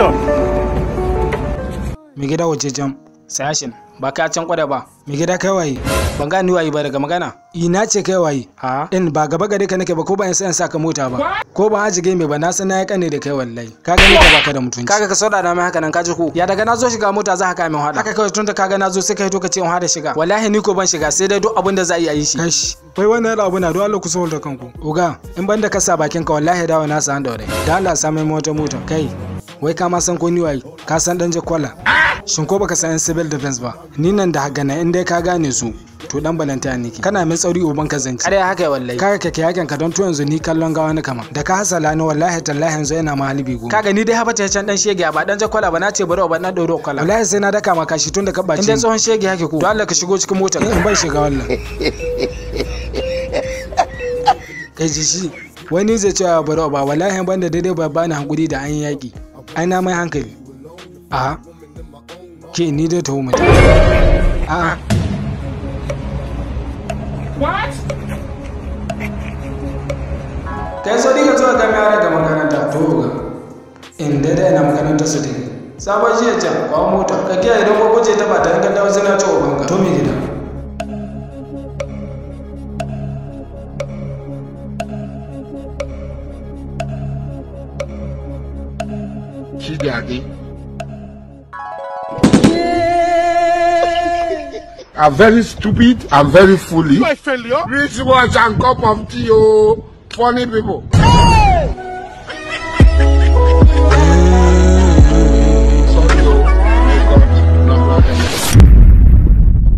to mai gida waje jam sashin ba ka can kwada ba mai gida kai waye ban ga ni waye ba daga magana ina ce kai waye ha in ba gaba gare ka nake ba ko ba in san saka mota ba ko ba haji game ba na san na ya kane da kai wallahi ka gani ka baka da mutunci kaga ka sauda na mai haka nan ka ji ku ya daga nazo shiga mota za ka kai min hada haka kawai tunda kaga nazo sai kai to ka ce in hada shiga wallahi ni ko ban shiga sai dai duk abin da za a yi a yi shi kashi wai wannan abu na don Allah ku saurara kanku uga in banda ka sa bakin ka wallahi dawo na sa an daure da Allah sa mai mota mota kai wai ka ma san ko ni waye ka san dan jakwala shin ko baka san civil defense ba ni nan da hagana na dai ka gane su to dan ne ke. kana min tsauri uban ka zanci kare haka wallahi kaga kake yakin ka don to yanzu ni kallon gawa ni kama da ka hasala ni wallahi tallahi yanzu yana ma halibi go kaga ni dai haba ta can dan shege ba dan jakwala ba na ce bari ba na doro kwala wallahi sai na daka maka shi tun da ka bace dai tsohon shege hake ko to Allah ka shigo cikin motar eh, in ban shiga wallahi kai ji shi wani zai ce bari ba wallahi ban da daidai ba bani hankuri da an yaki aina na mai hankali a ke ni dai ta mu a kai so dika zuwa ga yara da makaranta to ga in dai dai na makaranta su dai sabon jiya can kwa mota ka kiyaye don ko guje ta ba ta rikanta wasu na cewa Chidi I'm very stupid, I'm very foolish. My failure. Rich watch and cup of tea, oh, funny people.